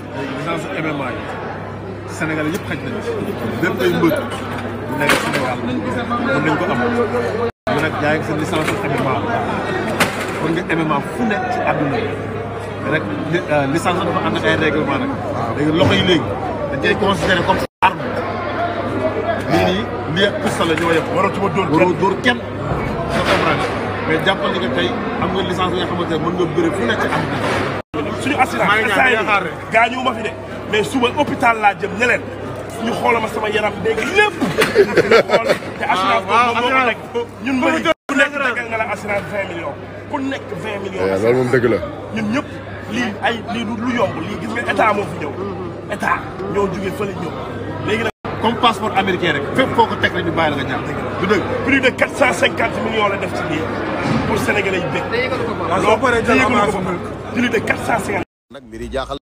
licence MMA yi Sénégal yëpp xaj nañu si bépp ay mbër bu nekk Sénégal mën mu nekk nga MMA fu nekk ci àdduna bi rek euh, licence dafa ànd ak ay règlement nag léegi loxo léegi dañ koy considéré comme arme lii nii lii ak pistolet ñoo yem waratuma dóor waroo dóor kenn sa comprendre mais jàppal ni que tey am nga licence bi nga xamante ne nga bëre fu nekk ci suñu assurance instant yii gaañu ma fi de mais suba hôpital laa jëm ñeleen ñu xoolal ma sama yaram dégg lépp. ñu xool te ah, assurance boobu moo ko ñun bëri ku nekk eh, la ñun ñëpp lii ay lii lu yomb lii gis nga état moo fi ñëw mm-hmm. état ñoo jugee fële ñëw léegi nag comme passeport américain rek fépp foo ko teg rek la plus de 450 millions la def ci sénégalais de 450. millions.